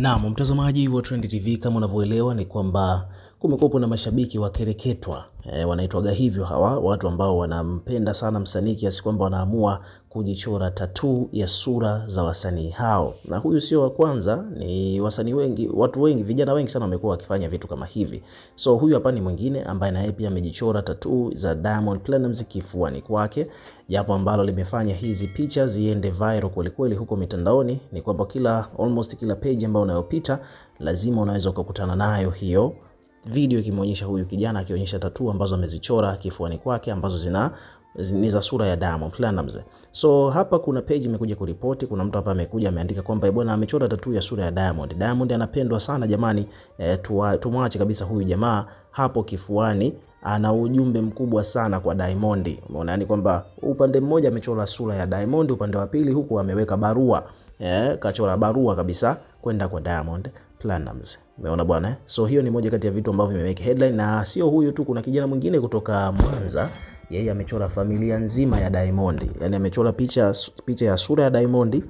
Naam, mtazamaji wa Trend TV, kama unavyoelewa ni kwamba kumekuwepo na mashabiki wakereketwa e, wanaitwaga hivyo hawa watu ambao wanampenda sana msanii kiasi kwamba wanaamua kujichora tatuu ya sura za wasanii hao, na huyu sio wa kwanza, ni wasanii wengi, watu wengi, vijana wengi sana wamekuwa wakifanya vitu kama hivi. So huyu hapa ni mwingine ambaye naye pia amejichora tatuu za Diamond Platnumz kifuani kwake, japo ambalo limefanya hizi picha ziende viral kwelikweli huko mitandaoni ni kwamba kila almost kila page ambayo unayopita lazima unaweza ukakutana nayo hiyo video ikimwonyesha huyu kijana akionyesha tatu ambazo amezichora kifuani kwake ambazo zina ni za sura ya Diamond Platnumz. So hapa kuna page imekuja kuripoti, kuna mtu hapa amekuja ameandika kwamba eh, bwana amechora tatuu ya sura ya Diamond. Diamond anapendwa sana jamani, e, tumwache kabisa huyu jamaa hapo kifuani ana ujumbe mkubwa sana kwa Diamond. Umeona ni kwamba upande mmoja amechora sura ya Diamond, upande wa pili huku ameweka barua. Eh, kachora barua kabisa kwenda kwa Diamond. Platinumz. Umeona bwana, eh? so hiyo ni moja kati ya vitu ambavyo vimemake headline, na sio huyu tu, kuna kijana mwingine kutoka Mwanza, yeye amechora familia nzima ya Diamond. Yaani amechora picha, picha ya sura ya Diamond,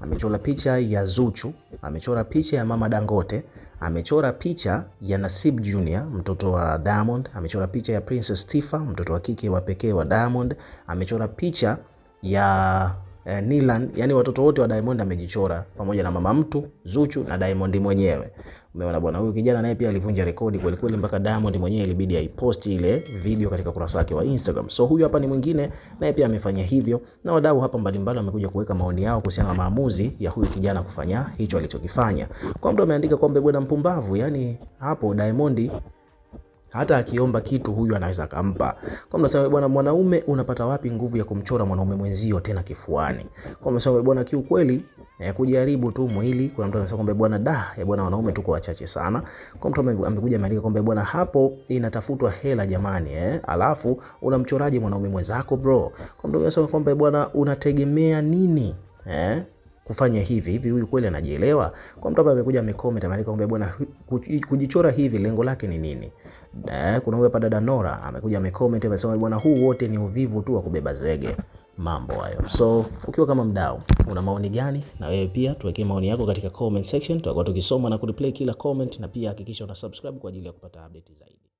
amechora picha ya Zuchu, amechora picha ya mama Dangote, amechora picha ya Nasib Junior mtoto wa Diamond, amechora picha ya Princess Tifa mtoto wa kike wa pekee wa Diamond, amechora picha ya eh, Nilan, yani watoto wote wa Diamond amejichora pamoja na mama mtu Zuchu na Diamond mwenyewe. Umeona bwana, huyu kijana naye pia alivunja rekodi kweli kweli, mpaka Diamond mwenyewe ilibidi aiposti ile video katika kurasa yake wa Instagram. So huyu hapa ni mwingine naye pia amefanya hivyo, na wadau hapa mbalimbali wamekuja kuweka maoni yao kuhusiana na maamuzi ya huyu kijana kufanya hicho alichokifanya. Kwa mtu ameandika kwamba bwana mpumbavu, yani hapo Diamond hata akiomba kitu huyu anaweza akampa. Kwa mnasema bwana, mwanaume unapata wapi nguvu ya kumchora mwanaume mwenzio tena kifuani? Kwa mnasema bwana, kiukweli eh, kujaribu tu mwili. Kuna mtu anasema kwamba bwana da ya eh, bwana wanaume tuko wachache sana. Kwa mtu amekuja ameandika kwamba bwana, hapo inatafutwa hela jamani, eh, alafu unamchoraje mwanaume mwenzako bro? Kwa mtu anasema kwamba bwana, unategemea nini eh? kufanya hivi hivi, huyu kweli anajielewa? Kwa mtu ambaye amekuja amecomment, ameandika kwamba bwana, kujichora hivi lengo lake ni nini? Eh, kuna huyu hapa dada Nora amekuja amecomment, amesema bwana, huu wote ni uvivu tu wa kubeba zege mambo hayo. So ukiwa kama mdau, una maoni gani? Na wewe pia tuwekee maoni yako katika comment section, tutakuwa tukisoma na kureply kila comment, na pia hakikisha una subscribe kwa ajili ya kupata update zaidi.